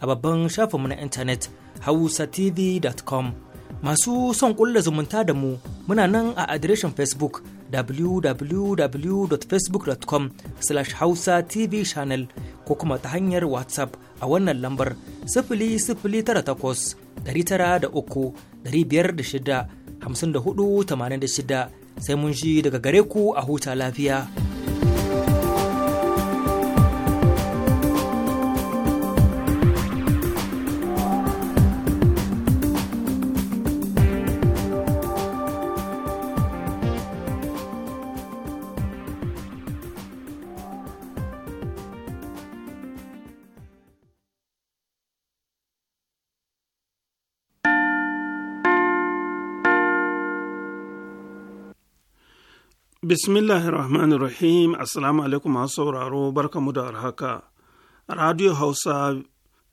a babban shafinmu na intanet hausatv.com masu son kulla zumunta da mu muna nan a adireshin facebook www.facebook.com slash hausa tv channel ko kuma ta hanyar whatsapp a wannan lambar 00983 506 5486 sai mun ji daga gare ku a huta lafiya. Bismillahir Rahmanir Rahim, Assalamu alaikum masu sauraro, barka barkamu da arhaka. Radio Hausa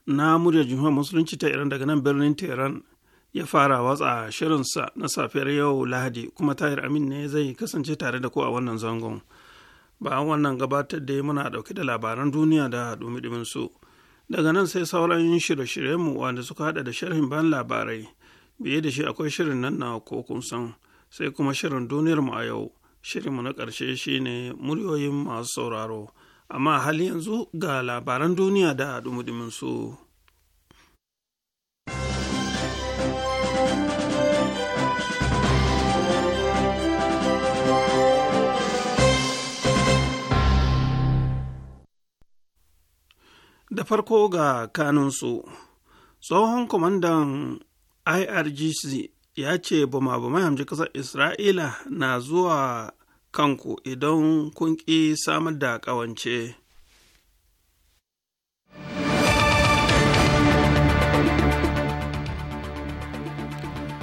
na murya Jumhuriyar Musulunci ta Iran daga nan birnin Tehran ya fara watsa shirinsa na safiyar yau Lahadi kuma Tahir Amin ne zai kasance tare da ku a wannan zangon. Bayan wannan gabatar da muna dauke da labaran duniya da dumi su. Daga nan sai sauran shirye mu wanda suka hada da sharhin ban labarai. Biye da shi akwai shirin nan na kokun san sai kuma shirin duniyar mu a yau. Shirinmu na ƙarshe shine muryoyin masu sauraro, amma hali yanzu ga labaran duniya da dumudumin su. Da farko ga kanunsu, tsohon kwamandan IRGC ya ce bama-bamai hamji ƙasar isra'ila na zuwa kanku idan kun ƙi samar da ƙawance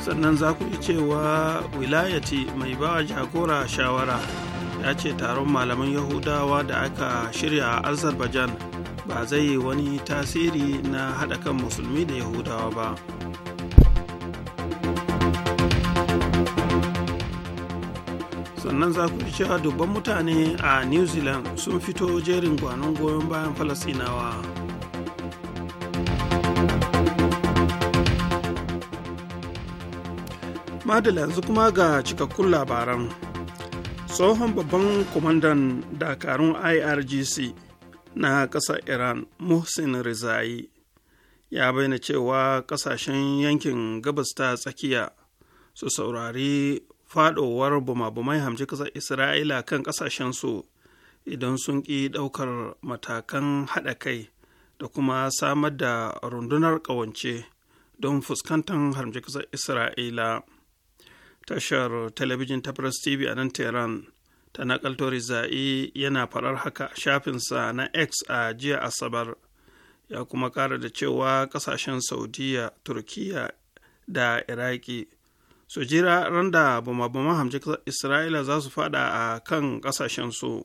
sannan za ku iya cewa wilayati mai ba jagora shawara ya ce taron malaman yahudawa da aka shirya a azerbaijan ba zai yi wani tasiri na haɗa kan musulmi da yahudawa ba sannan za ku ji cewa dubban mutane a new zealand sun fito jerin gwanon goyon bayan falasinawa madala yanzu kuma ga cikakkun labaran tsohon babban kwamandan dakarun irgc na ƙasar iran muhsin rizayi ya bayyana cewa ƙasashen yankin gabas ta tsakiya su saurari faɗowar bumabumai hamji ƙasar isra'ila kan su idan sun ƙi ɗaukar matakan haɗa kai da kuma samar da rundunar ƙawance don fuskantar harmji ƙasar isra'ila tashar talabijin ta press tv a nan tehran ta nakalto rizai yana faɗar haka shafinsa na x a jiya asabar ya kuma ƙara da cewa ƙasashen saudiya turkiya da iraki su jira ran da bama-baman hamji isra'ila za su fada a kan ƙasashensu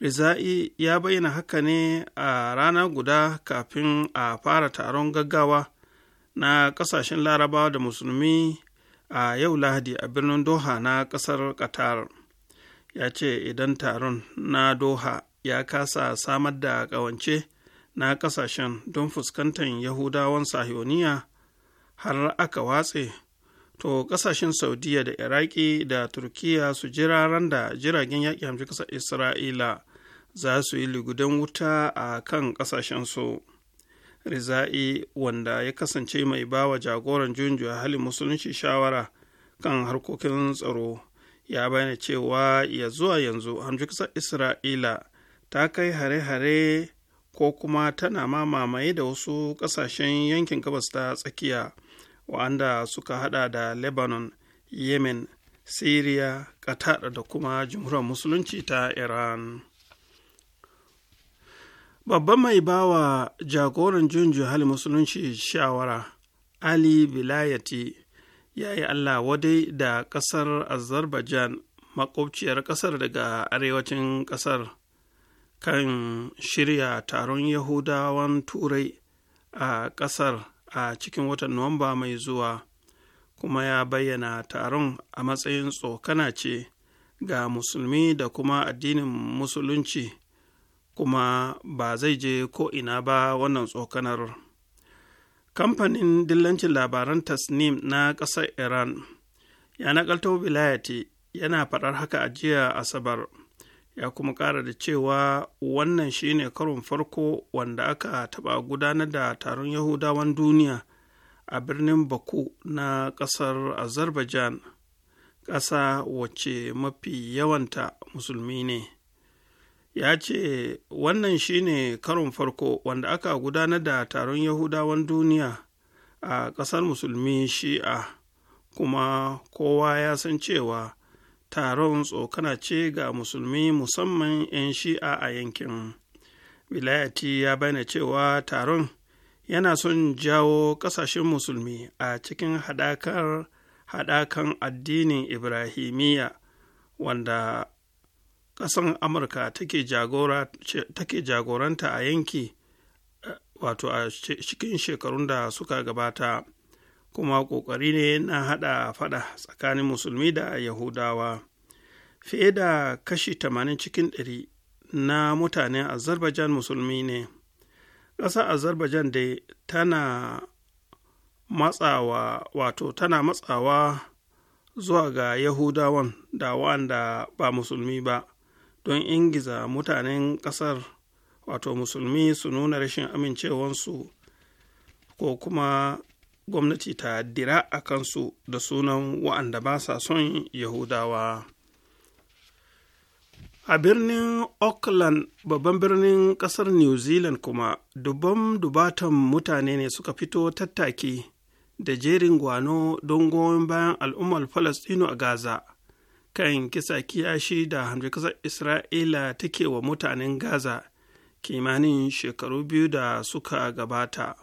riza'i ya bayyana haka ne a rana guda kafin a fara taron gaggawa na ƙasashen larabawa da musulmi a yau lahadi a birnin doha na ƙasar qatar ya ce idan taron na doha ya kasa samar da ƙawance na ƙasashen don fuskantar yahudawan sahioniya har aka watse to kasashen saudiya da iraki da turkiya su jira ran da jiragen yaƙi hamshi ƙasar isra'ila za su yi lugudan wuta a kan su riza'i wanda ya kasance mai bawa jagoran junju a halin musulunci shawara kan harkokin tsaro ya bayyana cewa ya zuwa yanzu hamshi ƙasar isra'ila ta kai hare-hare ko kuma tana ma mamaye da wasu ƙasashen yankin gabas ta tsakiya wanda suka hada da lebanon yemen syria qatar da kuma jamhuriyar musulunci ta iran babban mai bawa jagoran junju hali musulunci shawara ali bilayati ya yi allah wadai da kasar azerbaijan makwabciyar kasar daga arewacin kasar kan shirya taron yahudawan turai a kasar a cikin watan nuwamba mai zuwa kuma ya bayyana taron a matsayin tsokana ce ga musulmi da kuma addinin musulunci kuma ba zai je ko'ina ba wannan tsokanar kamfanin dillancin labaran tasnim na ƙasar iran ya nakalto bilayati yana faɗar haka a jiya asabar ya kuma ƙara da cewa wannan shine karon farko wanda aka taɓa gudanar da taron yahudawan duniya a birnin baku na ƙasar azerbaijan ƙasa wacce mafi yawanta musulmi ne ya ce wannan shine karon farko wanda aka gudanar da taron yahudawan duniya a ƙasar musulmi shi'a kuma kowa ya san cewa taron tsokana ce ga musulmi musamman 'yan shi'a a yankin wilayati ya bayyana cewa taron yana son jawo ƙasashen musulmi a cikin haɗakar haɗakan addinin ibrahimiyya wanda ƙasan amurka take jagoranta a yanki eh, wato a cikin shekarun da suka gabata kuma ƙoƙari ne na haɗa faɗa tsakanin musulmi da yahudawa fiye da kashi 80 cikin 100 na mutanen azerbaijan musulmi ne ƙasa azerbaijan dai tana matsawa wato tana matsawa zuwa ga yahudawan da wanda ba musulmi ba don ingiza mutanen ƙasar wato musulmi su nuna rashin amincewansu ko kuma gwamnati ta dira a kansu da sunan wa'anda ba sa son yahudawa a birnin auckland babban birnin kasar new zealand kuma dubban dubatan mutane ne suka fito tattaki da jerin gwano don goyon bayan al'ummar falastino a gaza kan kisa kiyashi da hamdu kasar isra'ila take wa mutanen gaza kimanin shekaru biyu da suka gabata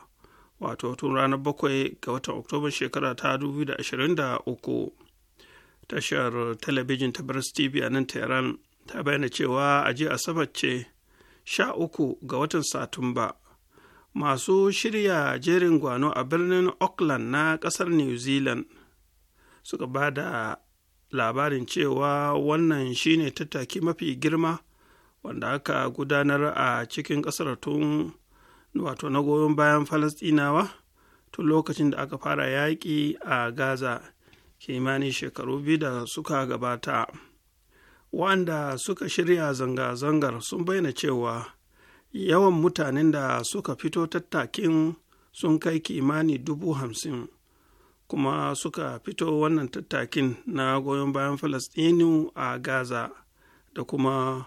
wato tun ranar bakwai ga watan oktoba shekara ta 2023 tashar talabijin ta birnin tv a nan tehran ta bayyana cewa a ji asabar ce sha uku ga watan satumba masu shirya jerin gwano a birnin auckland na kasar new zealand suka ba da labarin cewa wannan shine tattaki mafi girma wanda aka gudanar a cikin kasar tun wato na goyon bayan falastinawa tun lokacin da aka fara yaƙi a gaza kimanin shekaru biyu da suka gabata wanda suka shirya zanga-zangar sun bayyana cewa yawan mutanen da suka fito tattakin sun kai kimani dubu hamsin kuma suka fito wannan tattakin na goyon bayan falastinu a gaza da kuma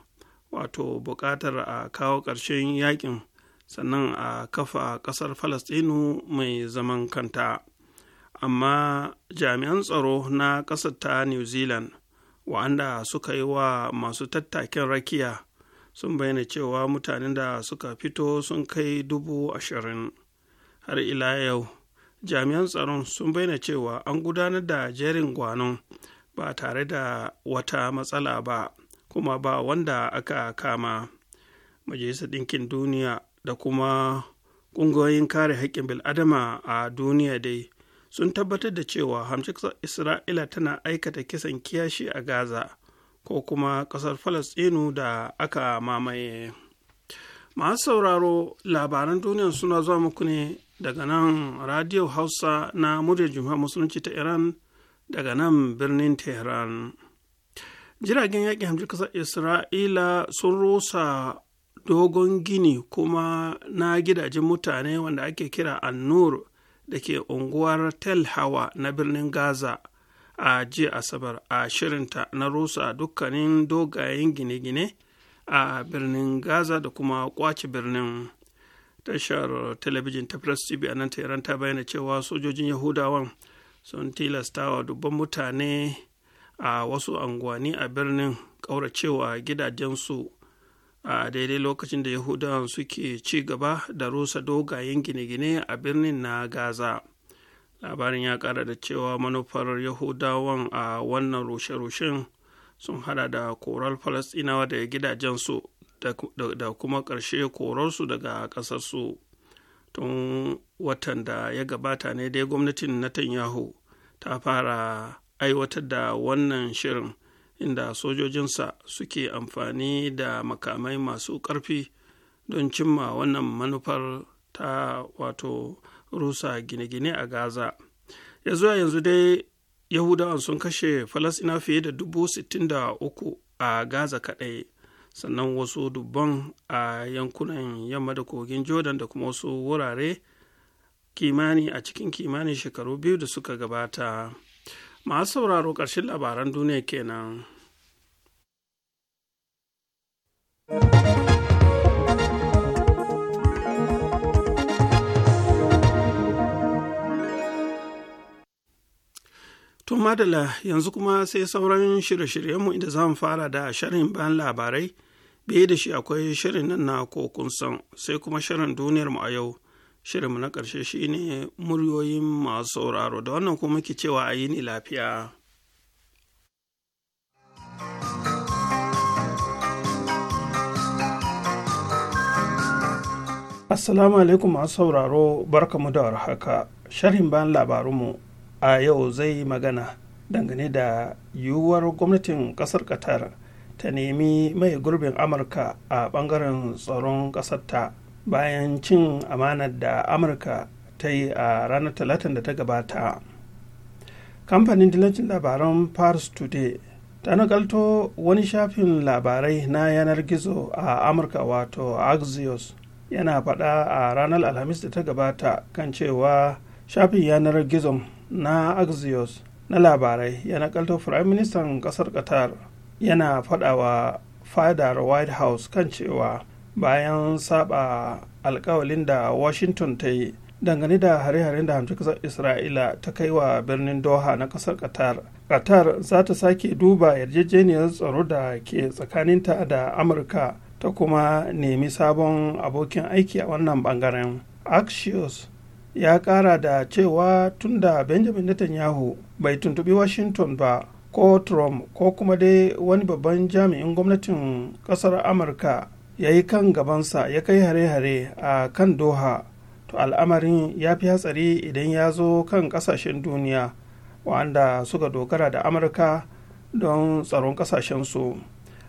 wato buƙatar a kawo ƙarshen yaƙin. sannan a kafa ƙasar falastinu mai zaman kanta amma jami'an tsaro na ƙasar ta new zealand wa'anda suka yi wa masu tattakin rakiya sun bayyana cewa mutanen da suka fito sun kai dubu ashirin har ila yau jami'an tsaron sun bayyana cewa an gudanar da jerin gwanon ba tare da wata matsala ba kuma ba wanda aka kama majalisar ɗinkin duniya da kuma ƙungiyoyin kare haƙƙin bil'adama a duniya dai sun tabbatar da cewa hamshiksar isra'ila tana aikata kisan kiyashi a gaza ko kuma ƙasar Falasɗinu da aka mamaye masu sauraro labaran duniya suna zuwa muku ne daga nan radio hausa na muryar jumha musulunci ta iran daga nan birnin tehran jiragen yaƙin hamshiksar isra'ila sun rusa dogon gini kuma na gidajen mutane wanda ake kira annur da ke unguwar tel hawa na birnin gaza a jiya asabar a shirinta na rusa dukkanin dogayen gine-gine a birnin gaza da kuma kwace birnin tashar talabijin ta press tv a nan tehran ta bayyana cewa sojojin yahudawan sun tilastawa dubban mutane a wasu anguwanni a birnin ƙauracewa gidajensu a daidai lokacin da yahudawan suke ci gaba da rusa dogayen gine-gine a birnin na gaza labarin ya kara da cewa manufar yahudawan a wannan rushe-rushen sun hada da korar falastinawa daga gidajensu da kuma ƙarshe korarsu daga ƙasarsu tun watan da ya gabata ne dai gwamnatin netanyahu ta fara aiwatar da wannan shirin inda sojojinsa suke amfani da makamai masu ƙarfi don cimma wannan manufar ta wato rusa gine-gine a gaza ya zuwa yanzu dai yahudawan sun kashe falasina fiye da dubu sittin da uku a gaza kaɗai sannan wasu dubban a yankunan yamma da kogin jordan da kuma wasu wurare kimani a cikin kimanin shekaru biyu da suka gabata masu sauraro ƙarshen labaran duniya kenan. To madala yanzu kuma sai sauran shirye-shiryenmu inda zamu fara da shirin bayan labarai, biye da shi akwai shirin nan na kokunsan sai kuma shirin duniyarmu a yau. shirinmu na ƙarshe ne muryoyin masu sauraro da wannan kuma ke cewa a yi ni lafiya assalamu alaikum masu sauraro barkamu da warhaka sharhin bayan labarunmu a yau zai magana dangane da yiwuwar gwamnatin ƙasar qatar ta nemi mai gurbin amurka a bangaren tsaron ƙasarta. ta bayan cin amanar da amurka ta yi a ranar talatin da ta gabata kamfanin dilancin labaran pars today ta nakalto wani shafin labarai na yanar gizo a amurka wato axios yana faɗa a ranar alhamis da ta gabata kan cewa shafin yanar gizon na axios na labarai ya nakalto prime minister ƙasar qatar yana faɗa wa fadar white house kan cewa bayan saba alkawalin da washington ta yi dangane da hare-haren da hamshin kasar isra'ila ta kai wa birnin doha na kasar qatar qatar za ta sake duba yarjejeniyar tsaro da ke tsakaninta da amurka ta kuma nemi sabon abokin aiki a wannan bangaren axios ya kara da cewa tun da benjamin netanyahu bai tuntubi washington ba ko trump ko kuma dai wani babban jami'in gwamnatin kasar amurka ya yi kan gabansa ya kai hare-hare a kan doha to al'amarin ya fi hatsari idan ya zo kan kasashen duniya wa'anda suka dogara da amurka don tsaron kasashensu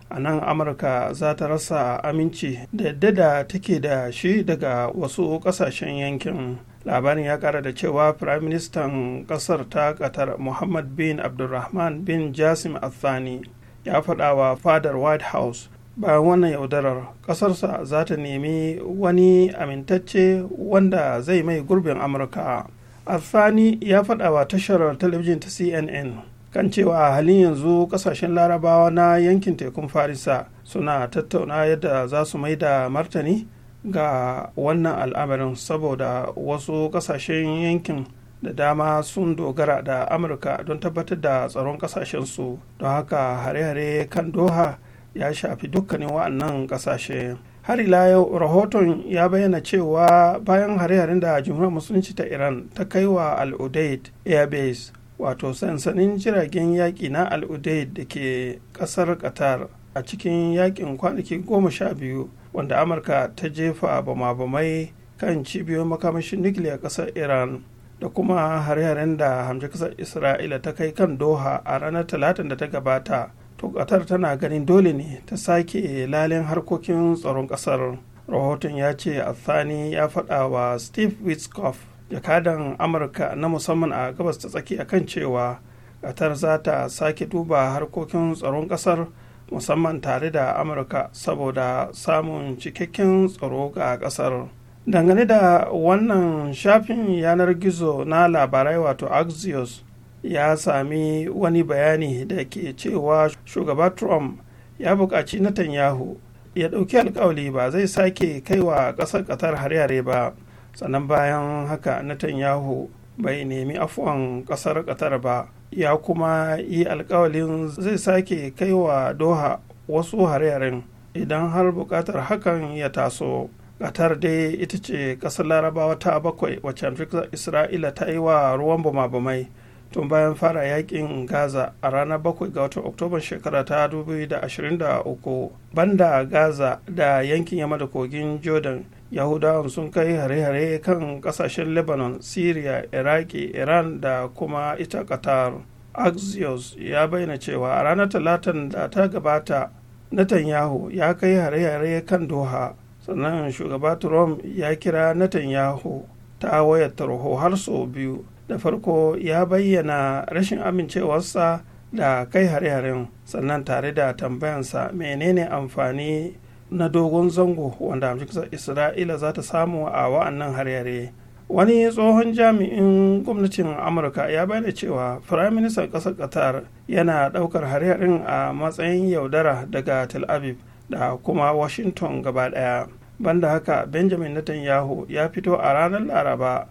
a nan amurka za ta rasa aminci da yadda da take da shi daga wasu kasashen yankin labarin ya kara da cewa firayim ministan kasar ta katar muhammad bin abdulrahman bin jasim athani ya faɗa wa fadar white house bayan wannan yaudarar ƙasarsa za ta nemi wani amintacce wanda zai mai gurbin amurka alfani ya faɗa wa tashar talabijin ta cnn kan cewa a halin yanzu ƙasashen larabawa na yankin tekun farisa suna tattauna yadda za su mai da martani ga wannan al'amarin saboda wasu ƙasashen yankin da dama sun dogara da amurka don tabbatar da tsaron ƙasashensu don haka hare-hare kan doha ya shafi dukkanin wa'annan ƙasashe har ila yau rahoton ya bayyana cewa bayan hare-haren da jumhuriyar musulunci ta iran ta kai wa al-udaid airbase wato sansanin jiragen yaƙi na al-udaid da ke ƙasar qatar a cikin yaƙin kwanaki goma sha biyu wanda amurka ta jefa bama-bamai kan cibiyoyin makamashin nukiliya ƙasar iran da kuma hare-haren da hamji ƙasar isra'ila ta kai kan doha a ranar talatin da ta gabata to qatar tana ganin dole ne ta sake lalin harkokin tsaron kasar rahoton ya ce athani ya faɗa wa steve witzkoff. jakadan amurka na musamman a gabas ta tsaki akan cewa qatar za ta sake duba harkokin tsaron kasar musamman tare da amurka saboda samun cikakken tsaro ga kasar dangane da wannan shafin yanar gizo na labarai wato axios ya sami wani bayani da ke cewa shugaba trump ya buƙaci netanyahu ya ɗauki alkawali ba zai sake kaiwa ƙasar ƙatar hare-hare ba sannan bayan haka netanyahu bai nemi afuwan ƙasar ƙatar ba ya kuma yi alkawalin zai sake kaiwa doha wasu hare-haren idan har buƙatar hakan ya taso ƙatar dai ita ce ƙasar larabawa ta bakwai wacce amurka isra'ila ta yi wa ruwan bama-bamai tun bayan fara yakin gaza a ranar 7 ga watan oktoban shekara ta 2023 banda gaza da yankin yamma da kogin jordan yahudawan sun kai hare-hare kan kasashen lebanon syria iraki iran da kuma ita qatar axios ya bayyana cewa a ranar talatin da ta gabata netanyahu ya kai hare-hare kan doha sannan shugaba trump ya kira netanyahu ta wayar tarho har sau biyu da farko ya bayyana rashin amincewarsa da kai hare-haren sannan tare da tambayansa menene amfani na dogon zango wanda amsar isra'ila za ta samu a wa'annan hare-hare wani tsohon jami'in gwamnatin amurka ya bayyana cewa firaministan ƙasar qatar yana ɗaukar hare-haren a matsayin yaudara daga tel aviv da kuma washington gaba ɗaya banda haka benjamin netanyahu ya fito a ranar laraba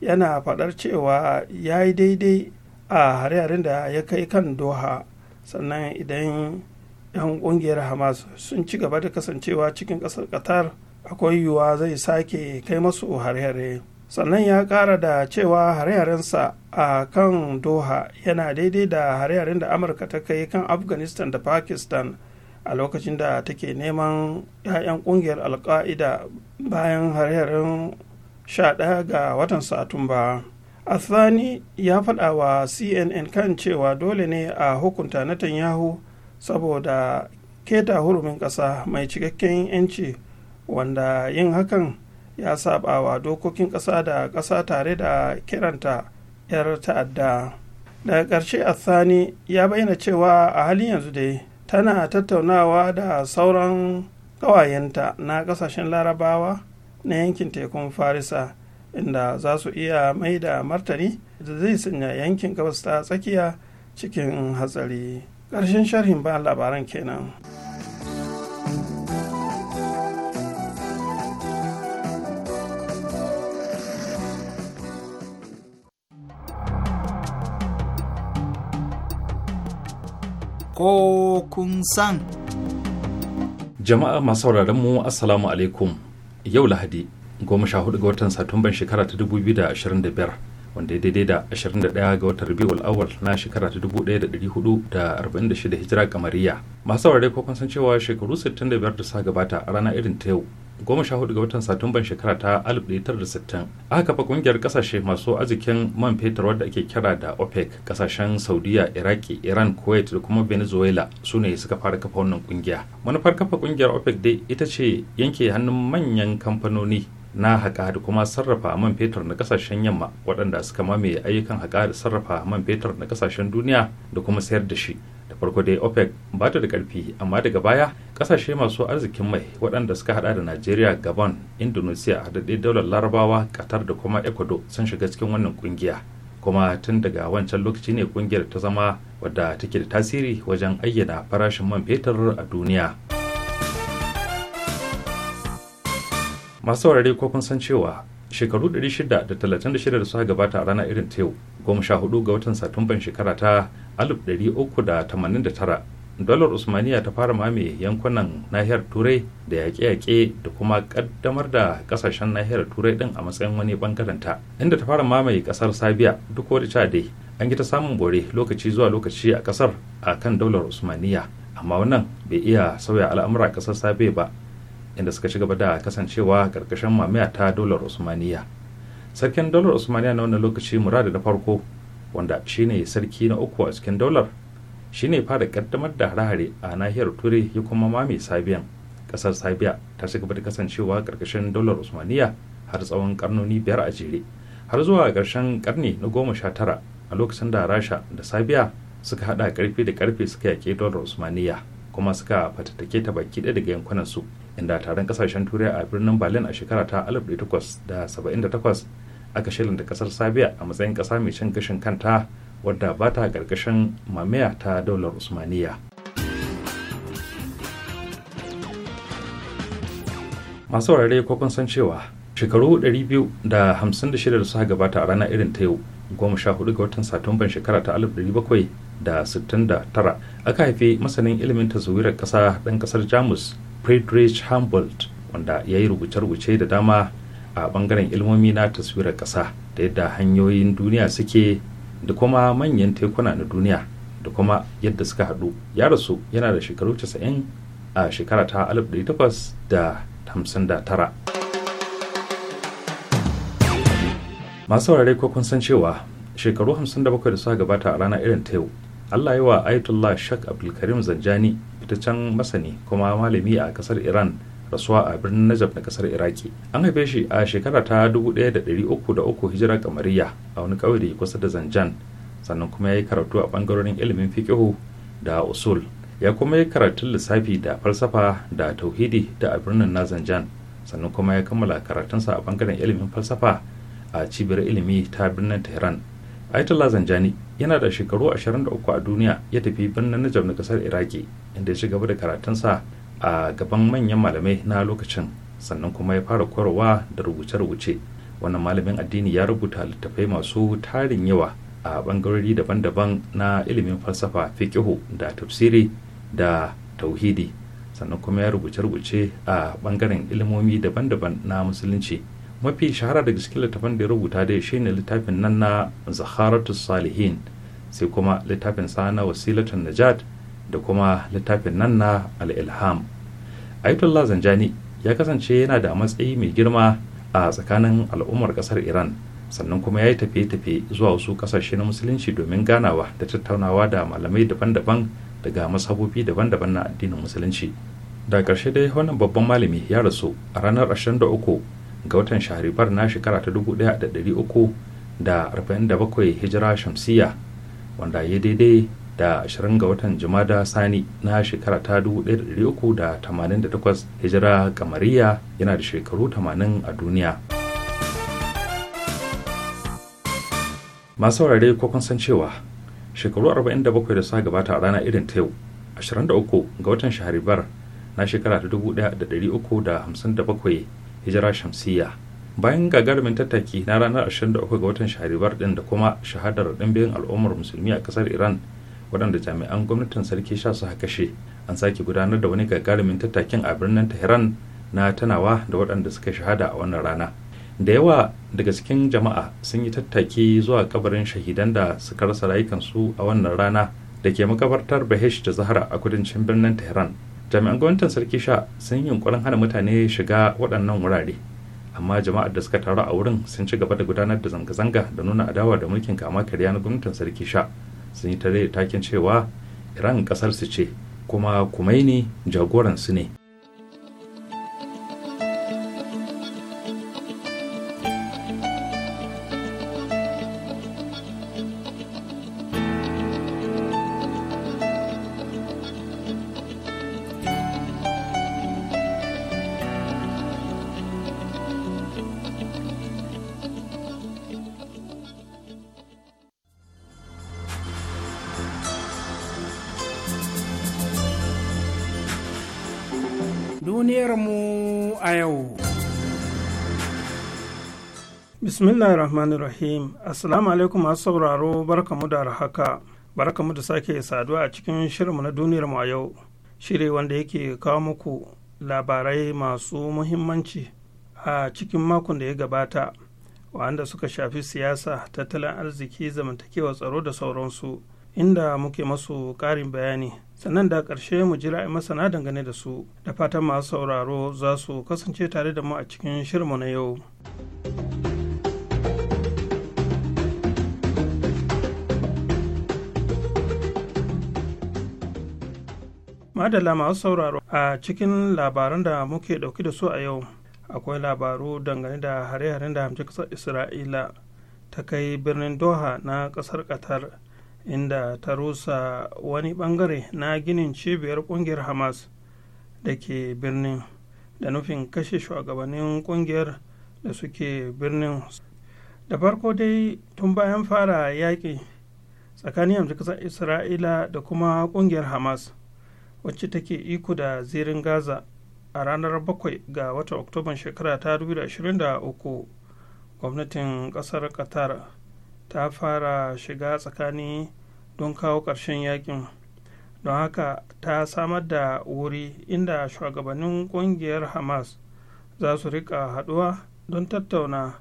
yana faɗar cewa ya yi daidai a hare-haren da ya kai kan doha sannan idan 'yan ƙungiyar hamas sun ci gaba da kasancewa cikin ƙasar qatar akwai yiwuwa zai sake kai masu hare-hare sannan ya ƙara da cewa hare-harensa a kan doha yana daidai da hare-haren da amurka ta kai kan afghanistan da pakistan a lokacin da take neman 'ya'yan ƙungiyar alka'ida bayan hare-haren 11 ga watan satumba athani ya faɗa wa cnn kan cewa dole ne a hukunta na netanyahu saboda keta hurumin ƙasa mai cikakken 'yanci wanda yin hakan ya saba wa dokokin ƙasa da ƙasa tare da kiranta 'yar ta'adda daga ƙarshe athani ya bayyana cewa a halin yanzu dai tana tattaunawa da sauran ƙawayenta na ƙasashen larabawa na yankin tekun farisa inda za su iya mai da martani da zai sanya yankin gabas ta tsakiya cikin hatsari ƙarshen sharhin ba labaran kenan. ko kun san. Jama'a masu mu Assalamu alaikum yau lahadi goma sha hudu ga watan satumban shekara ta dubu biyu da da ashirin biyar wanda ya daidai da ɗaya ga watan rabiul awal na shekara ta dubu da da da arba'in hudu shida hijira kamariya masu saurare ko kun san cewa shekaru sittin da biyar da suka gabata rana irin ta yau goma sha hudu ga watan satumban shekara ta alif da sittin aka kafa kungiyar kasashe masu arzikin man fetur wadda ake kira da opec kasashen saudiya iraki iran kuwait da kuma venezuela su ne suka fara kafa wannan kungiya manufar kafa kungiyar opec dai ita ce yanke hannun manyan kamfanoni na haƙa da kuma sarrafa man fetur na ƙasashen yamma waɗanda suka mamaye ayyukan haƙa da sarrafa man fetur na kasashen duniya da kuma sayar da shi da farko dai opec ba ta da ƙarfi amma daga baya ƙasashe masu arzikin mai waɗanda suka hada da nigeria gabon indonesia ɗaya daular larabawa qatar da kuma ecuador sun shiga cikin wannan ƙungiya kuma tun daga wancan lokaci ne ƙungiyar ta zama wadda take da tasiri wajen ayyana farashin man fetur a duniya masu saurare ko kun san cewa shekaru 636 da suka gabata a rana irin ta yau goma hudu ga watan satumban shekara ta 1389 dalar usmaniya ta fara mame yankunan nahiyar turai da yaƙe-yaƙe da kuma ƙaddamar da ƙasashen nahiyar turai ɗin a matsayin wani ɓangaren ta inda ta fara mamaye ƙasar sabiya duk wani dai an ta samun bore lokaci zuwa lokaci a ƙasar a kan daular usmaniya amma wannan bai iya sauya al'amura ƙasar sabiya ba inda suka ci gaba da kasancewa karkashin mamaya ta dolar usmaniya sarkin dolar usmaniya na wannan lokaci murada na farko wanda shine sarki na uku a cikin dolar shine fara kaddamar da harare a nahiyar turai ya kuma mame sabiyan kasar sabiya ta ci gaba da kasancewa karkashin dolar usmaniya har tsawon karnoni biyar a jere har zuwa ƙarshen karni na goma sha tara a lokacin da rasha da sabiya suka hada karfi da karfe suka yaƙi dolar usmaniya kuma suka fatattake ta baki ɗaya daga yankunan su inda taron kasashen turai a birnin berlin a shekara ta 1878 aka shirin da kasar sabiya a matsayin kasa mai cin gashin kanta wadda ba ta gargashin mamaya ta daular usmaniya masu wurare ko kun san cewa shekaru 256 da suka gabata a rana irin ta yau goma sha hudu ga watan satumban shekara ta alif da aka haifi masanin ilimin taswirar kasa ɗan kasar jamus friedrich humboldt wanda ya yi rubuce-rubuce da dama a bangaren ilmomi na taswirar ƙasa da yadda hanyoyin duniya suke da kuma manyan tekuna na duniya da kuma yadda suka haɗu ya rasu yana da shekaru 90 a shekara ta 1859 masu saurare ko san cewa shekaru 57 da suka gabata a rana irin ta yau allah yi wa ayatollah shak abdulkarim zanjani fitaccen masani kuma malami a kasar iran rasuwa a birnin najaf na kasar iraki an haife shi a shekara ta 1303 hijira kamariya a wani ƙauye da kusa da zanjan sannan kuma ya yi karatu a bangarorin ilimin fiqihu da usul ya kuma yi karatun lissafi da falsafa da tauhidi da a birnin na zanjan sannan kuma ya kammala karatunsa a bangaren ilimin falsafa a cibiyar ilimi ta birnin tehran Ayatollah Zanjani yana da shekaru 23 a duniya ya tafi birnin Najaf na kasar Iraki inda ya ci gaba da karatunsa a gaban manyan malamai na lokacin sannan kuma ya fara korowa da rubuce-rubuce. Wannan malamin addini ya rubuta littattafai masu tarin yawa a bangarori daban-daban na ilimin falsafa fikihu da tafsiri da tauhidi sannan kuma ya rubuce-rubuce a bangaren ilimomi daban-daban na musulunci. mafi shahara daga cikin littafin da ya rubuta dai shine littafin nan na zaharatu salihin sai kuma littafin sa na wasilatun najat da kuma littafin nan na al-ilham ayatollah zanjani ya kasance yana da matsayi mai girma a tsakanin al'ummar kasar iran sannan kuma ya yi tafiye-tafiye zuwa wasu kasashe na musulunci domin ganawa da tattaunawa da malamai daban-daban daga masabobi daban-daban na addinin musulunci da ƙarshe dai wannan babban malami ya rasu a ranar 23 ga watan shahribar na shekara ta 1347 hijira shamsiya wanda ya daidai da 20 ga watan jumada sani na shekara ta 1388 hijira kamariya yana da shekaru 80 a duniya masu saurare ko kun san cewa shekaru 47 da sa gabata a rana irin ta yau 23 ga watan shahribar na shekara ta 1357 hijira shamsiyya bayan gagarumin tattaki na ranar 23 ga watan sharibar din da kuma shahadar ɗimbin al'ummar musulmi a kasar iran waɗanda jami'an gwamnatin sarki sha su kashe an sake gudanar da wani gagarumin tattakin a birnin tehran na tanawa da waɗanda suka shahada a wannan rana da yawa daga cikin jama'a sun yi tattaki zuwa kabarin shahidan da suka rasa rayukansu a wannan rana da ke makabartar bahesh da zahara a kudancin birnin tehran jami'an gwamnatin sarki sha sun yi yunkurin hana mutane shiga waɗannan wurare amma jama'ar da suka taru a wurin sun ci gaba da gudanar da zanga-zanga da nuna adawa da mulkin kama karya na gwamnatin sarki sha sun yi tare da takin cewa iran kasar su ce kuma kumaini jagoran su ne duniyarmu a yau. Bismillah ar rahim Assalamu alaikum masu sauraro barkamu da barka barkamu da sake saduwa a cikin shirinmu na duniyarmu a yau shiri wanda yake kawo muku labarai masu muhimmanci a cikin makon da ya gabata wanda suka shafi siyasa tattalin arziki zamantakewa tsaro da sauransu. inda muke masu ƙarin bayani sannan da ƙarshe mu jira masana dangane da su da fatan masu sauraro za su kasance tare da mu a cikin shirmu na yau. madalla masu sauraro a cikin labaran da muke dauki da su a yau akwai labaru dangane da hare-haren da hamci kasar isra'ila ta kai birnin doha na ƙasar qatar inda ta rusa wani bangare na ginin cibiyar kungiyar hamas da ke birnin da nufin kashe shugabannin kungiyar da suke birnin da farko dai tun bayan fara yaƙi tsakanin yanzu kasar isra'ila da kuma kungiyar hamas wacce take iko da zirin gaza a ranar bakwai ga watan oktoban shekara ta 2023 gwamnatin kasar qatar ta fara shiga tsakani don kawo ƙarshen yakin don haka ta samar da wuri inda shugabannin ƙungiyar hamas za su rika haɗuwa don tattauna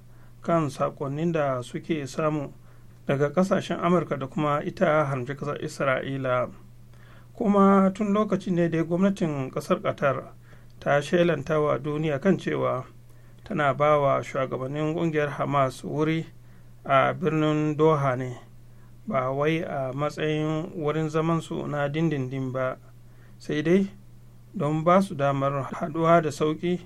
kan saƙonnin da suke samu daga ƙasashen amurka da kuma ita harmci ƙasar isra'ila kuma tun lokacin ne da gwamnatin ƙasar qatar ta shelanta wa duniya kan cewa tana ba wa shugabannin ƙungiyar hamas wuri a birnin doha ne ba wai a matsayin wurin zamansu na dindindin ba sai dai don ba su damar haduwa da sauƙi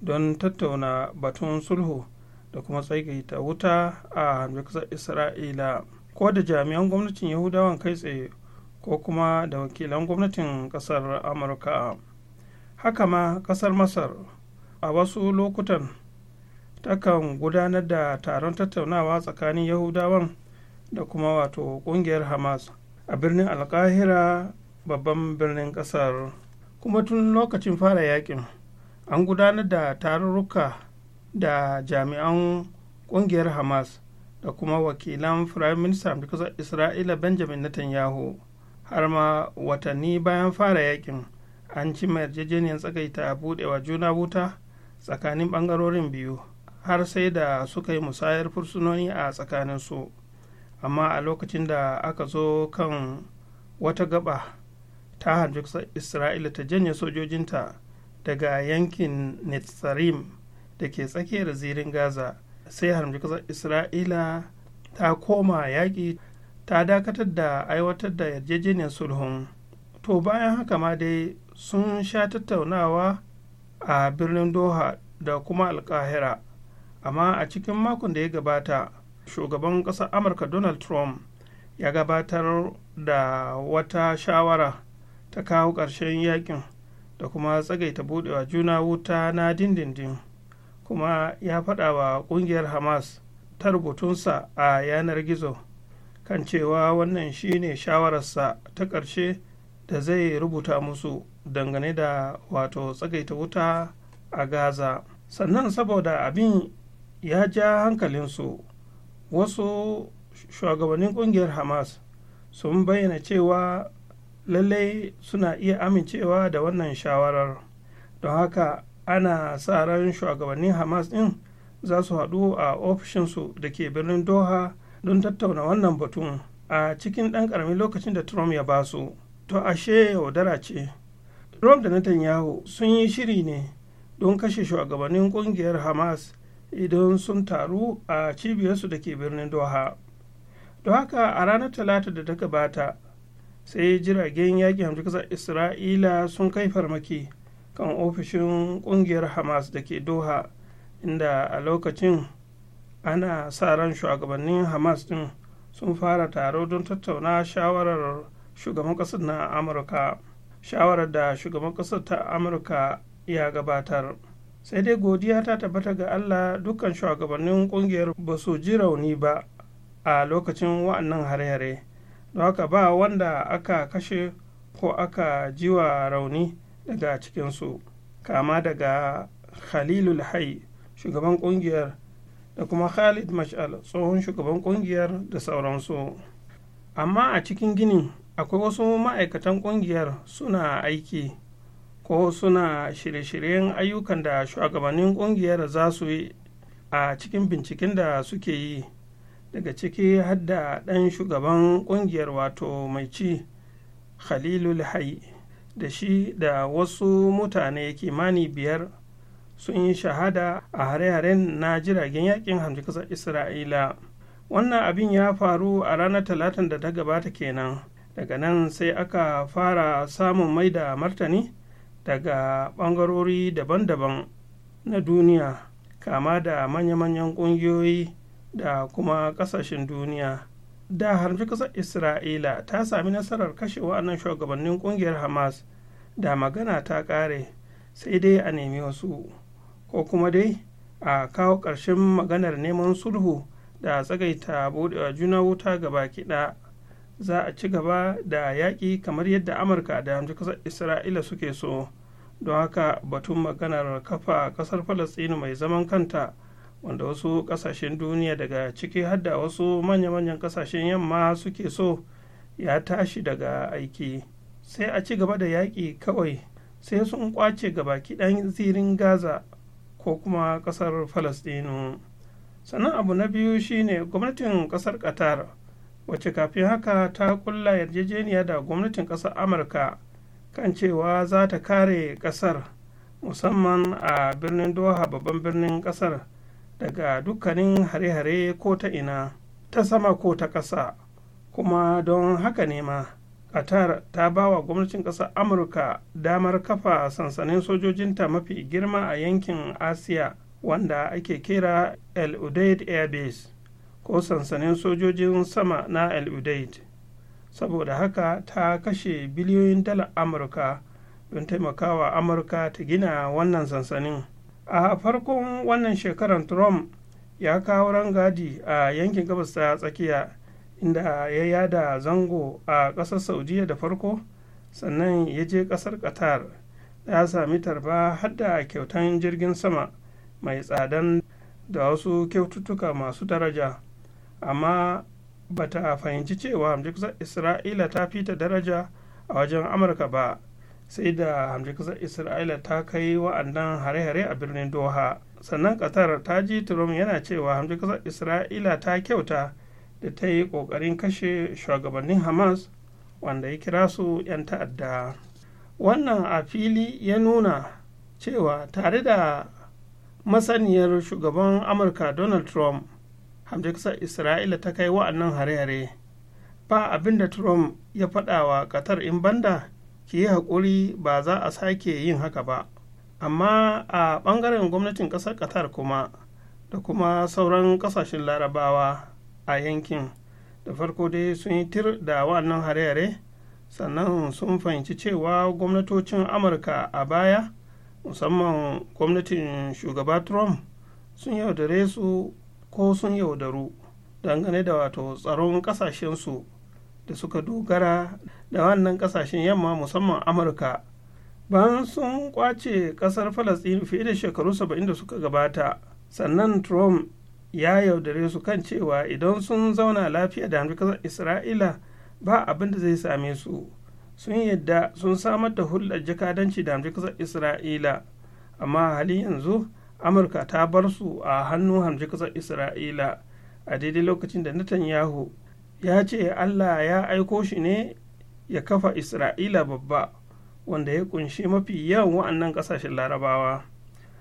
don tattauna batun sulhu da kuma tsaikaita wuta a ƙasar isra'ila ko da jami'an gwamnatin yahudawan kai tsaye ko kuma da wakilan gwamnatin ƙasar amurka haka ma ƙasar masar a wasu lokutan takan gudanar da taron tattaunawa tsakanin yahudawan da kuma wato kungiyar hamas a birnin alkahira babban birnin kasar kuma tun lokacin fara yakin an gudanar da tarurruka da jami'an kungiyar hamas da kuma wakilan firayim minista kasar isra'ila benjamin netanyahu har ma watanni bayan fara yakin an ci yarjejeniyar tsagaita buɗewa juna wuta tsakanin ɓangarorin biyu har sai da suka yi musayar fursunoni a tsakaninsu amma a lokacin da aka zo kan wata gaba ta hanji isra'ila ta janye sojojinta daga yankin netsarim da ke tsakiyar zirin gaza sai hanji isra'ila ta koma yaƙi ta dakatar da aiwatar da yarjejeniyar sulhun to bayan haka ma dai sun sha tattaunawa a birnin doha da kuma alkahira amma a cikin makon da ya gabata shugaban ƙasar amurka donald trump ya gabatar da wata shawara ta kawo ƙarshen yakin da kuma tsagaita budewa juna wuta na dindindin kuma ya faɗa wa ƙungiyar hamas ta rubutunsa a yanar gizo kan cewa wannan shine shawararsa ta ƙarshe da zai rubuta musu dangane da wato tsagaita wuta a gaza sannan saboda abin ya ja hankalinsu wasu shugabannin kungiyar hamas sun bayyana cewa lallai suna iya amincewa da wannan shawarar don haka ana sa ran shugabannin hamas din za su haɗu a ofishinsu da ke birnin doha don tattauna wannan batun a cikin ɗan ƙaramin lokacin da trump ya basu to ashe yaudara ce trump da netanyahu sun yi shiri ne don kashe shugabannin ƙungiyar hamas idan sun taru a cibiyarsu da ke birnin doha don haka a ranar talata da ta gabata sai jiragen yaƙi hamdu kasar isra'ila sun kai farmaki kan ofishin ƙungiyar hamas da ke doha inda a lokacin ana sa ran shugabannin hamas din sun fara taro don tattauna shawarar shugaban kasar na amurka shawarar da shugaban kasar ta amurka ya gabatar sai dai godiya ta tabbata ga allah dukkan shugabannin kungiyar ba su ji rauni ba a lokacin wa'annan hare-hare don haka ba wanda aka kashe ko aka jiwa rauni daga cikinsu kama daga khalilul hai shugaban kungiyar da kuma khalid mashal tsohon shugaban kungiyar da sauransu amma a cikin ginin akwai wasu ma'aikatan kungiyar suna aiki ko suna shirye-shiryen ayyukan da shugabannin ƙungiyar za su yi a cikin binciken da suke yi daga ciki hadda ɗan shugaban ƙungiyar wato mai ci khalilul hai da shi da wasu mutane kimani biyar sun yi shahada a hare-haren na jiragen yakin hamsin isra'ila wannan abin ya faru a ranar talatin da ta gabata kenan daga nan sai aka fara samun mai da martani daga ɓangarori daban-daban na duniya kama da manya-manyan ƙungiyoyi da kuma ƙasashen duniya da harfi ƙasar isra'ila ta sami nasarar kashe wa'annan shugabannin ƙungiyar hamas da magana ta ƙare sai dai a nemi wasu ko kuma dai a kawo ƙarshen maganar neman sulhu da tsagaita buɗewa juna wuta gaba kiɗa za a ci gaba da yaƙi kamar yadda amurka da yamci ƙasar isra'ila suke so don haka batun maganar kafa ƙasar falastinu mai zaman kanta wanda wasu ƙasashen duniya daga ciki hadda wasu manya-manyan ƙasashen yamma suke so ya tashi daga aiki sai a ci gaba da yaƙi kawai sai sun kwace baki ɗan zirin gaza ko kuma ƙasar falastinu sannan abu na biyu shine gwamnatin ƙasar qatar wacce kafin haka ta kulla yarjejeniya da gwamnatin ƙasar amurka kan cewa za ta kare ƙasar musamman a birnin doha babban birnin ƙasar daga dukkanin hare-hare ko ta ina ta sama ko ta ƙasa kuma don haka ne ma qatar ta ba wa gwamnatin ƙasar amurka damar kafa sansanin sojojinta mafi girma a yankin asiya wanda ake kira el udeid air base ko sansanin sojojin sama na al udeid saboda haka ta kashe biliyoyin dalar amurka don taimakawa amurka ta gina wannan sansanin a farkon wannan shekarar trump ya kawo rangadi a yankin gabas ta tsakiya inda ya yada zango a ƙasar saudiya da farko sannan ya je ƙasar qatar ya sami tarba hadda kyautan jirgin sama mai tsadan da wasu kyaututtuka masu daraja amma ba ta fahimci cewa hamjikasar isra'ila ta fi ta daraja a wajen amurka ba sai da hamjikasar isra'ila ta kai wa'annan hare-hare a birnin doha sannan qatar ta ji trump yana cewa hamjikasar isra'ila ta kyauta da ta yi ƙoƙarin kashe shugabannin hamas wanda ya kira su 'yan ta'adda wannan a fili ya nuna cewa tare da masaniyar shugaban amurka donald trump hamji kasar isra'ila ta kai wa'annan hare-hare ba abin da trump ya faɗa wa qatar in banda ki yi haƙuri ba za a sake yin haka ba amma a ɓangaren gwamnatin ƙasar qatar kuma da kuma sauran ƙasashen larabawa a yankin da farko dai sun yi tir da wa'annan hare-hare sannan sun fahimci cewa gwamnatocin amurka a baya musamman gwamnatin shugaba trump sun yaudare su ko sun yaudaru dangane da wato tsaron kasashensu da suka dogara da wannan kasashen yamma musamman amurka bayan sun kwace kasar falastin fiye da shekaru 70 da suka gabata sannan trump ya yaudare su kan cewa idan sun zauna lafiya da hamdu kasar isra'ila ba abin da zai same su sun yadda sun samar da hulɗar jakadanci da hamdu kasar isra'ila amma halin yanzu amurka ta bar su a hannun hamji ƙasar isra'ila a daidai lokacin da netanyahu ya ce allah ya aiko shi ne ya kafa isra'ila babba wanda ya kunshi mafi yawan wa'annan ƙasashen larabawa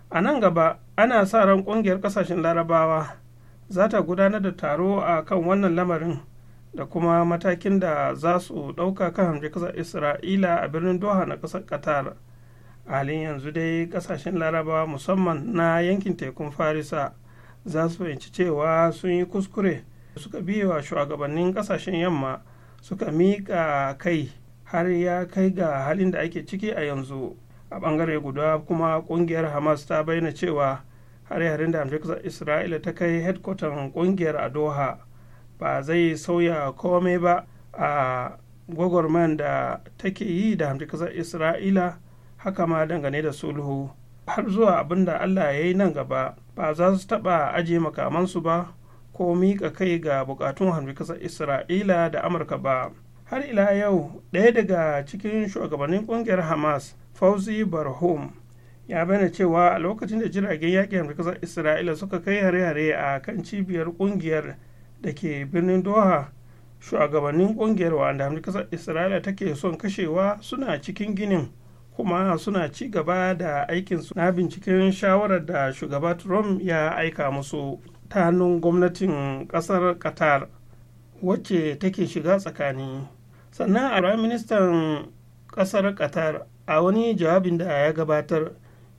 a nan gaba ana sa ran ƙungiyar ƙasashen larabawa za ta gudanar da taro a kan wannan lamarin da kuma matakin da za su ɗauka kan hamji ƙasar isra'ila a birnin doha na ƙasar qatar halin yanzu dai kasashen larabawa musamman na yankin tekun farisa za su fahimci cewa sun yi kuskure suka biyewa shugabannin kasashen yamma suka miƙa kai har ya kai ga halin da ake ciki a yanzu a bangare guda kuma kungiyar hamas ta bayyana cewa har haren da amurka isra'ila ta kai hedkwatan ƙungiyar a doha ba zai sauya komai ba a gwagwarman da take yi da amurka isra'ila haka ma dangane da sulhu har zuwa abin da allah ya yi nan gaba ba za su taɓa aje makamansu ba ko miƙa kai ga buƙatun harbi ƙasar isra'ila da amurka ba har ila yau ɗaya daga cikin shugabannin ƙungiyar hamas fauzi barhum ya bayyana cewa a lokacin da jiragen yaƙin harbi ƙasar isra'ila suka kai hare-hare a kan cibiyar ƙungiyar da ke birnin doha shugabannin ƙungiyar wanda harbi ƙasar isra'ila take son kashewa suna cikin ginin kuma suna ci gaba da aikinsu na binciken shawarar da shugaba trump ya aika musu ta hannun gwamnatin kasar qatar wacce take shiga tsakani sannan a ministan kasar qatar a wani jawabin da ya gabatar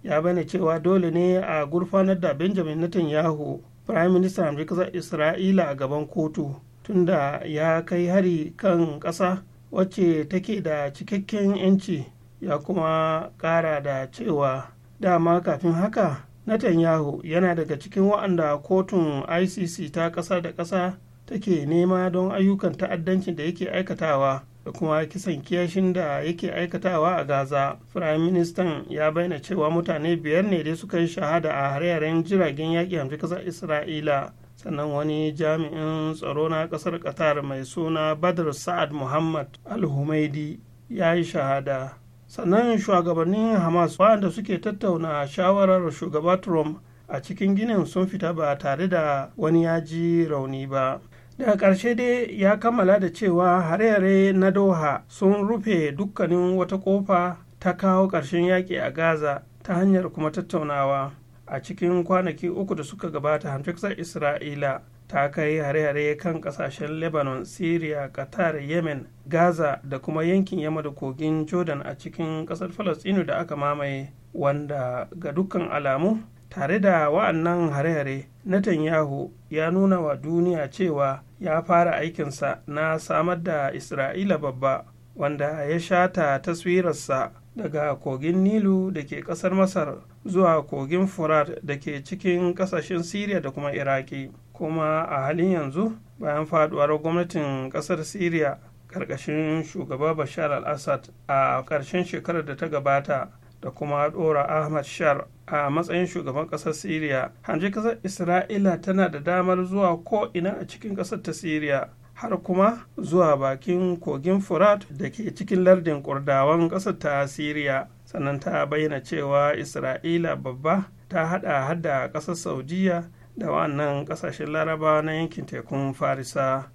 ya bane cewa dole ne a gurfanar da benjamin netanyahu prime minister amurka isra'ila a gaban kotu tunda ya kai hari kan ƙasa wacce take da cikakken 'yanci ya kuma kara da cewa dama kafin haka netanyahu yana daga cikin wa'anda kotun icc ta ƙasa da ƙasa take nema don ayyukan ta'addancin da yake aikatawa da kuma kisan kiyashin da yake aikatawa a gaza firayim ministan ya bayyana cewa mutane biyar ne dai suka yi shahada a hare-haren jiragen yaƙi hamsin ƙasar isra'ila sannan wani jami'in tsaro na ƙasar qatar mai suna badr sa'ad muhammad al-humaidi ya yi shahada sannan shugabannin hamas waɗanda suke tattauna shawarar shugaba trump a cikin ginin sun fita ba tare da wani yaji rauni ba daga ƙarshe dai ya kammala da cewa hare-hare na doha sun rufe dukkanin wata ƙofa ta kawo ƙarshen yaƙi a gaza ta hanyar kuma tattaunawa a cikin kwanaki uku da suka gabata hamfisar isra'ila ta kai hare-hare kan kasashen lebanon syria qatar yemen gaza da kuma yankin yamma da kogin jordan a cikin kasar falastinu da aka mamaye wanda ga dukkan alamu tare da wa'annan hare-hare netanyahu ya nuna wa duniya cewa ya fara aikinsa na samar da isra'ila babba wanda ya shata taswirarsa daga kogin nilu da ke kasar masar zuwa kogin furat da ke cikin kasashen syria da kuma iraki kuma a halin yanzu bayan faduwar gwamnatin kasar syria karkashin shugaba bashar al-assad a karshen shekarar da ta gabata da kuma dora ahmad shar a matsayin shugaban kasar syria hanji kasar isra'ila tana da damar zuwa ko ina a cikin kasar ta syria har kuma zuwa bakin kogin furat da ke cikin lardin kurdawan kasar ta syria sannan ta bayyana cewa isra'ila babba ta hada hada kasar saudiya da wannan ƙasashen laraba na yankin tekun farisa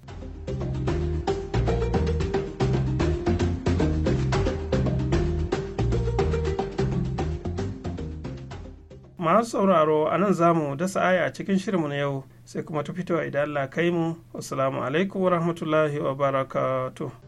masu sauraro a nan za mu dasa aya a cikin shirinmu na yau sai kuma ta fitowa idan Allah kai mu. Assalamu alaikum wa rahmatullahi wa barakatuh.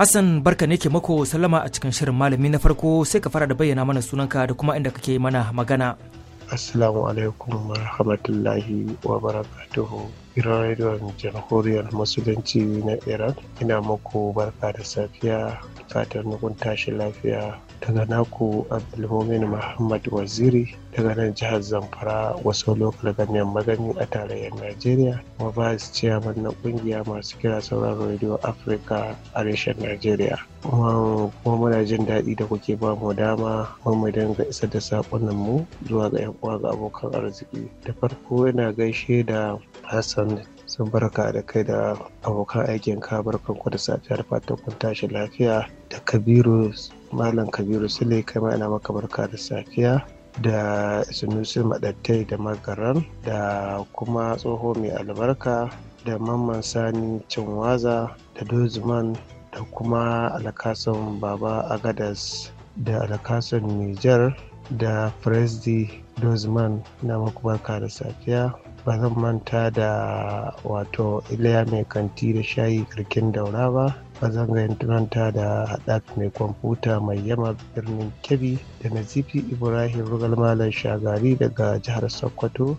Hassan barka ne ke mako sallama a cikin shirin malami na farko sai ka fara da bayyana mana sunanka da kuma inda kake mana magana. Assalamu alaikum wa rahmatullahi wa barakatuhu. Kiran rediyon jamhuriyar musulunci na iran ina muku barka da safiya fatan nukun tashi lafiya daga naku abdulmumin muhammad waziri daga nan jihar zamfara wasu lokal ganyen magani a tarayyar najeriya kuma vice chairman na kungiya masu kira sauran radio africa a reshen najeriya kuma muna jin daɗi da kuke ba mu dama kuma mu dinga isar da mu zuwa ga 'yan uwa ga abokan arziki da farko ina gaishe da Hassan sun barka da kai da abokan aikin ka barkan da safiyar fatan kun tashi lafiya da Kabiru Malam Kabiru Sule kai ma ina maka barka da safiya da Sunusi Madattai da Magaran da kuma tsoho mai albarka da Mamman Sani Cinwaza da Dozman da kuma alakasan Baba Agadas da alakasan Nijar da Presdi Dozman na maku barka da safiya ba zan manta da wato iliya mai kanti da shayi karkin daura ba ba zan manta da haɗaf mai kwamfuta mai yama birnin kebbi da nazifi ibrahim rugal malam shagari daga jihar sokoto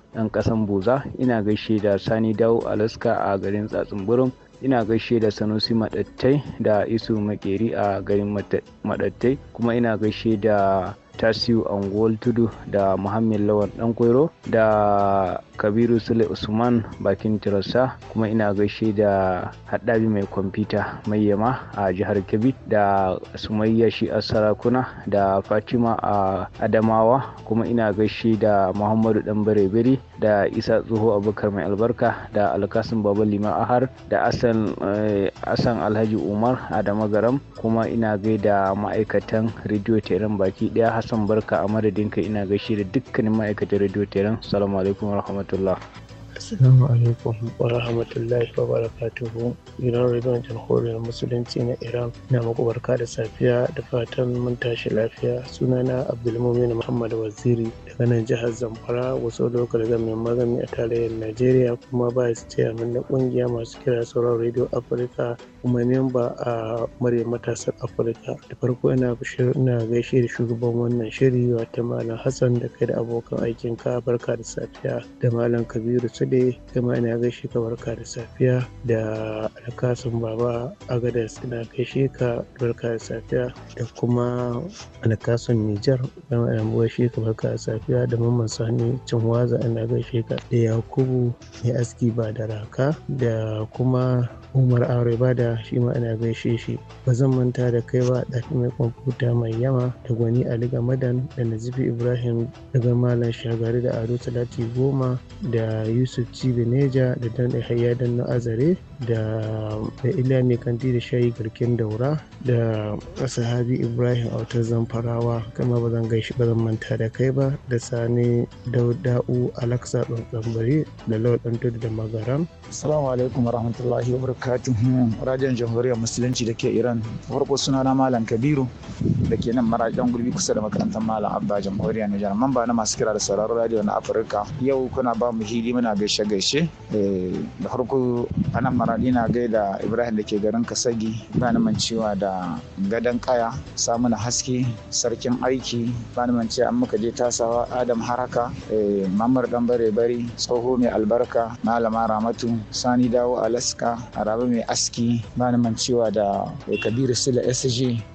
ɗan kasan Boza, ina gaishe da Sani Dawo Alaska a garin Tsatsunburum, ina gaishe da Sanusi Maɗattai da Isu Makeri a garin Maɗattai, kuma ina gaishe da tasiu angol tudu da muhammed lawan dan koiro da kabiru sule usman bakin tirasa kuma ina gaishe da haɗabi mai kwamfuta mai yama a jihar kebbi da sumayya shi a sarakuna da fatima a adamawa kuma ina gaishe da muhammadu dan bare da isa tsoho abubakar mai albarka da alkasin baba liman ahar da asan eh, alhaji umar adama garam kuma ina gaida ma'aikatan rediyo teran baki daya hassan barka a madadinka ina gaishe da dukkanin ma'aikatan rediyo teran salamu alaikum wa rahmatullah Assalamu alaikum wa rahmatullahi wa barakatuhu gidan rediyon jamhuriyar musulunci na Iran na muku barka da safiya da fatan mun tashi lafiya sunana Abdulmumin Muhammad Waziri maganar jihar zamfara wasu lokal mai magani a tarayyar najeriya kuma vice chairman na ƙungiya masu kira sauran rediyo afirka. kuma memba a murya matasan afirka da farko ina gaishe da shugaban wannan shiri wata malam hassan da kai da abokan aikin ka barka da safiya da malam kabiru da kuma ina gaishe ka barka da safiya da alkasun baba agada ina gaishe ka barka da safiya da kuma alkasun nijar kuma ina gaishe ka barka da safiya da mamman sani cinwaza ina gaishe ka da yakubu mai aski ba da raka da kuma umar aure da shi ma ina gaishe shi ba zan manta da kai ba ɗafi mai kwamfuta mai yama da gwani ali gamadan da nazifi ibrahim daga malam shagari da ado talati goma da yusuf neja da dan ihaya dan na azare da mai mai kanti da shayi garkin daura da sahabi ibrahim autar zamfarawa kama ba zan gaishe ba zan manta da kai ba da sani dauda'u alaksa tsambari da lauɗan tudu da magaram assalamu alaikum warahmatullahi wabarakatuh radiyon jamhuriyar musulunci da ke iran farko suna na malam kabiru da ke nan marajan gurbi kusa da makarantar malam abba jamhuriyar nijar mamba na masu kira da sauraron radiyo na afirka yau kuna ba mu hili muna gaishe gaishe eh, da farko maradi na gaida ibrahim da ke garin kasagi bani cewa da gadon kaya samu na haske sarkin aiki bani cewa an muka je tasawa adam haraka eh, mamar dan bare bari tsoho mai albarka malama ramatu sani dawo alaska arabe mai aski bani cewa da eh, kabiru sila sg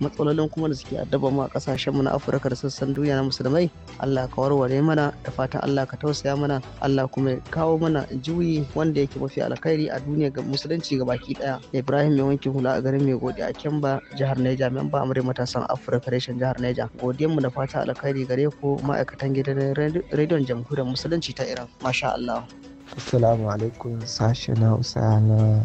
matsalolin kuma da suke addaba mu a kasashen mu na Afirka da sassan duniya na musulmai Allah ka warware mana da fatan Allah ka tausaya mana Allah kuma ya kawo mana juyi wanda yake mafi alkhairi a duniya ga musulunci ga baki daya Ibrahim ya wanke hula a garin mai godi a Kemba jihar Neja ba amurai matasan Afirka reshen jihar Neja godiyan mu da fatan alkhairi gare ku ma'aikatan gidan rediyon jamhuriyar musulunci ta Iran masha Allah Assalamu alaikum sashen Hausa na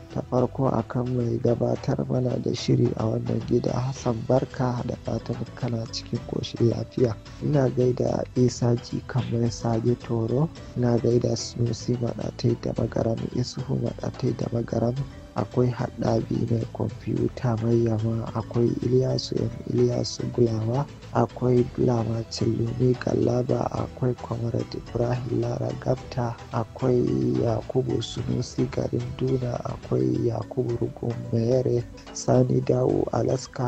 ta farko akan mai gabatar mana da shiri a wannan gida Hassan Barka da fatan kana cikin koshin lafiya. Ina gaida Isa Ji kamar Sage Toro, ina gaida Sunusi Maɗatai da Magaram, Isuhu Maɗatai da Magaram, akwai haɗabi mai kwamfuta mai yama akwai iliyasu yan iliyasu gulawa akwai bulama cilomi galaba akwai kwamarat ibrahim lara gabta akwai yakubu sunusi garin duna akwai yakubu rugun mayere sani dawo alaska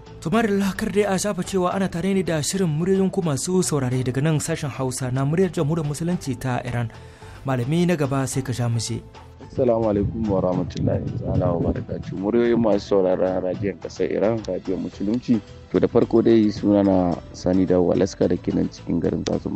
tumar lakar dai a shafa cewa ana tare ne da shirin muryoyin ku masu saurare daga nan sashen hausa na muryar jamhuriyar musulunci ta iran malami na gaba sai ka sha mace. Assalamu alaikum wa rahmatullahi ta'ala wa barakatuh. Muryoyin masu sauraron radiyon kasar Iran, radiyon musulunci. To da farko dai suna na Sani da Walaska da kenan cikin garin Tsatsun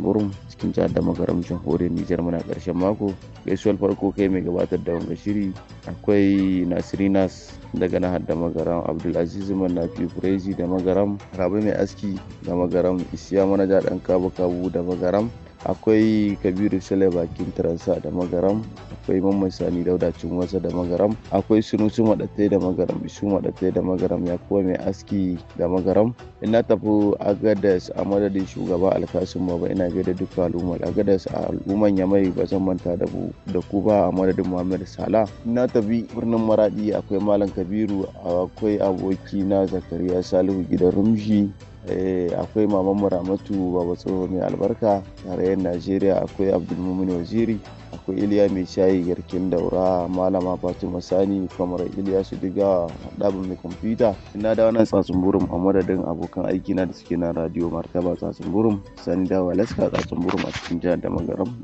cikin jihar da magaram jamhuriyar Nijar muna karshen mako. Gaisuwar farko kai mai gabatar da wanga shiri akwai Nasirinas daga nahar da magaram Abdulaziz Manafi Furezi da magaram Rabi Mai Aski da magaram Isiya Manaja Dan Kabu Kabu da magaram akwai kabiru sale bakin taransa da magaram akwai mamman sani dauda wasa da magaram akwai sunusu madatte da magaram isu da magaram ya kuwa mai aski da magaram ina tafi agadas a madadin shugaba alkasun baba ina gaida duka al'ummar agadas a al'umman yamai ba zan manta da ku ba a madadin muhammad sala ina tafi birnin maraɗi akwai malam kabiru akwai aboki na zakariya salihu gidan rumshi Eh, akwai maman muramatu baba tsoho mai albarka tarayyar najeriya akwai abdulmumin waziri akwai iliya mai shayi garkin daura malama fatima sani kamar iliya su diga ɗabin mai kwamfuta ina da wannan tsatsun burum a madadin abokan aiki na da suke na radio martaba tsatsun burum sani dawa laska tsatsun burum a cikin jihar da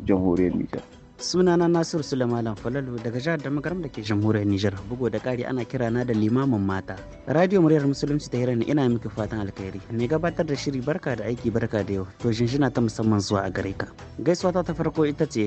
jamhuriyar nijar sunana nasiru sulaiman falalu daga jihar da makaram da ke jamhuriyar nijar bugu da kari ana kira na da limamin mata radio muryar musulunci ta hirani ina miki fatan alkhairi mai gabatar da shiri barka da aiki barka da yau to shinshina ta musamman zuwa a gare ka gaisuwa ta farko ita ce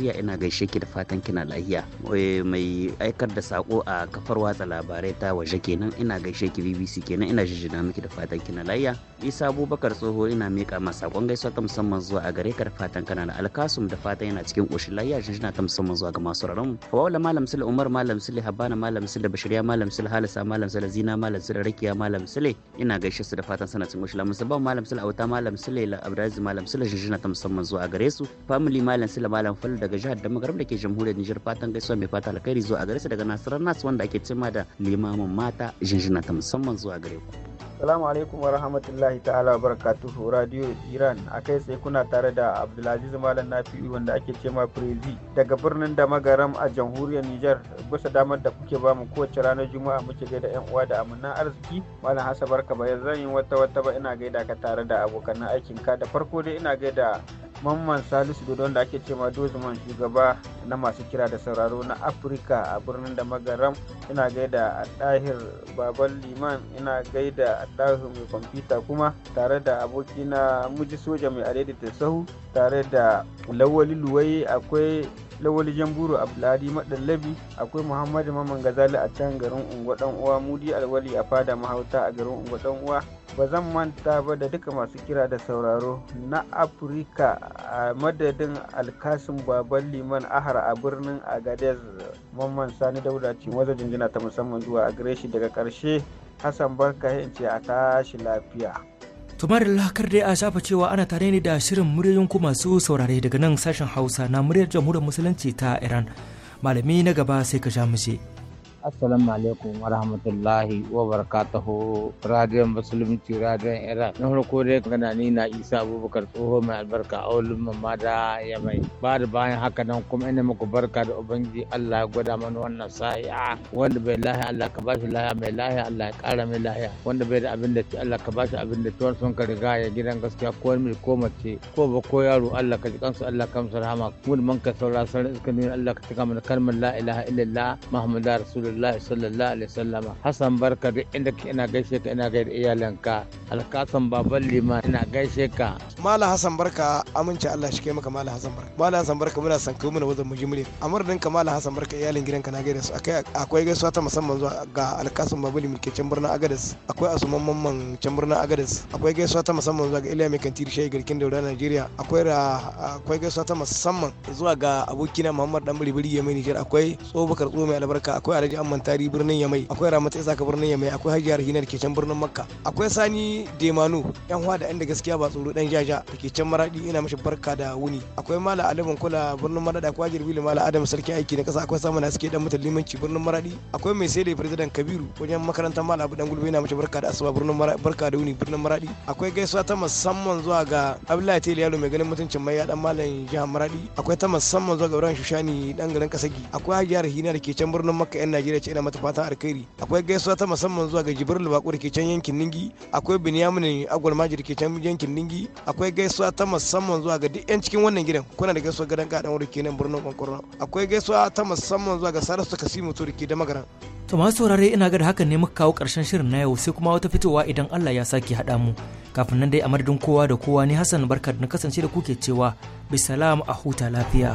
Najeriya ina gaishe ki da fatan kina lahiya. Eh, mai aikar da sako a kafar watsa labarai ta waje kenan ina gaishe ki BBC kenan ina jijjina miki da fatan kina lahiya. Isa Abubakar Tsoho ina mika ma sakon gaisuwa ta musamman zuwa a gare ka da fatan kana da alkasum da fatan yana cikin ƙoshin lahiya jijjina ta musamman zuwa ga masu raron. Hawala Malam Sule Umar Malam Sule Habana Malam Sule Bashiriya Malam Sule Halisa Malam Sule Zina Malam Sule Rakiya Malam Sule ina gaishe su da fatan sana cikin ƙoshin lahiya musamman Malam Sule Auta Malam Sule Abdulaziz Malam Sule jijjina ta musamman zuwa a gare su. Family Malam Sule Malam Fal da daga jihar da magaram da ke jamhuriyar Nijar fatan gaisuwa mai fata alkhairi zuwa gare su daga Nasarar Nas wanda ake cema da limamin mata jinjina ta musamman zuwa gare ku. Salamu alaikum wa rahmatullahi ta'ala barakatuhu Radio Iran a kai sai kuna tare da Abdulaziz Malam Nafi'u wanda ake cema firizi daga birnin da magaram a jamhuriyar Nijar bisa damar da kuke bamu kowace ranar Juma'a muke gaida yan uwa da amanan arziki Malam Hassan barka bayan zan yi wata wata ba ina gaida ka tare da abokan aikin ka da farko dai ina gaida Mamman Salisu Dodo da ake cewa Dozman shugaba na masu kira da sauraro na Afirka a birnin da magaram ina gaida a ɗahir baban liman ina gaida a ɗahir mai kwamfuta kuma tare da aboki na muji soja mai da sahu tare da lawali luwai akwai lawali jamburu abdulhadi madallabi akwai muhammadu mamman gazali a can garin unguwa dan uwa mudi alwali a fada mahauta a garin unguwa dan uwa ba zan manta ba da duka masu kira da sauraro na afirka a madadin alkasin baban liman ahar a birnin agadez mamman sani dauda ce wajen jinjina ta musamman zuwa a gare daga karshe hassan barka ce a tashi lafiya tumar lakar dai a shafa cewa ana tare ne da shirin muryoyin ku masu saurare daga nan sashen hausa na muryar jamhuriyar musulunci ta iran malami na gaba sai ka sha mace. assalamu alaikum wa rahmatullahi wa barakatuhu radiyon musulunci radiyon iran na farko dai gana ni na isa abubakar tsoho mai albarka a wulin mamma da ya mai ba da bayan haka nan kuma ina muku barka da ubangiji allah ya gwada mana wannan sa'a wanda bai lahiya allah ka bashi lahiya mai lahiya allah ya kara mai lahiya wanda bai da abin da ci allah ka bashi abin da tuwar sun ka riga ya gidan gaskiya ko mai ko mace ko ba ko yaro allah ka ji kansu allah ka musu rahama mun man ka saura sarar iska allah ka cika mana kalmar la ilaha illallah muhammadu rasulullah rasulullah sallallahu alaihi wasallam hasan barka duk inda ka ina gaishe ka ina gaida iyalanka alkasan baban lima ina gaishe ka mala hasan barka amince allah shi kai maka mala hasan barka mala hasan barka muna san kai muna wazan mu jimre amur dinka mala hasan barka iyalin gidan ka na gaida su akai akwai gaisuwa ta musamman zuwa ga alkasan baban lima ke can birnin agadas akwai asuman mamman can birnin agadas akwai gaisuwa ta musamman zuwa ga iliya mai kantir shayi garkin daura najeriya akwai akwai gaisuwa ta musamman zuwa ga abokina muhammad dan biribiri ya mai nijar akwai tsobakar tso mai albarka akwai alhaji amman tari birnin yamai akwai ramata ka birnin yamai akwai hajiyar hinar ke can birnin makka akwai sani demano yan hwa da yan da gaskiya ba tsoro dan jaja da can maradi ina mashi barka da wuni akwai mala alamin kula birnin maradi akwai hajiyar da mala adam sarki aiki na kasa akwai na suke dan mutan limanci birnin maradi akwai mai sai da firzidan kabiru wajen makarantar mala abu dan gulbe ina mashi barka da asuba birnin maradi barka da wuni birnin maradi akwai gaisuwa ta musamman zuwa ga abdullahi tele yalo mai ganin mutuncin mai ya dan malam jihar maradi akwai ta musamman zuwa ga ibrahim shushani dan garin kasagi akwai hajiyar hinar ke can birnin makka yan najeriya Najeriya ce ina mata fatan alkhairi akwai gaisuwa ta musamman zuwa ga Jibril Bakuri ke can yankin Ningi akwai Binyamin Agwal Majid ke can yankin Ningi akwai gaisuwa ta musamman zuwa ga duk yan cikin wannan gidan kuna da gaisuwa gadan kadan wuri kenan birnin Kwankwarna akwai gaisuwa ta musamman zuwa ga Sarasu Kasimu Turki da Magaran To masu saurare ina ga da hakan ne muka kawo karshen shirin na yau sai kuma wata fitowa idan Allah ya sake hada mu. Kafin nan dai a madadin kowa da kowa ne Hassan barkar na kasance da kuke cewa bisalam a huta lafiya.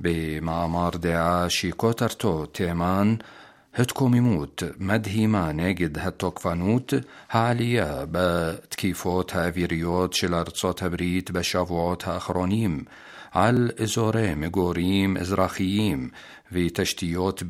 بمعمار داعش كوترتو تيمان هتكو ميموت مدهيمانيجد هتوكفانوت هعليا بتكيفوت هافيريوت شلارتسوت هبريت بشافوت هاخرونيم على إزوري مغوريم إزراخيم في تشتيوت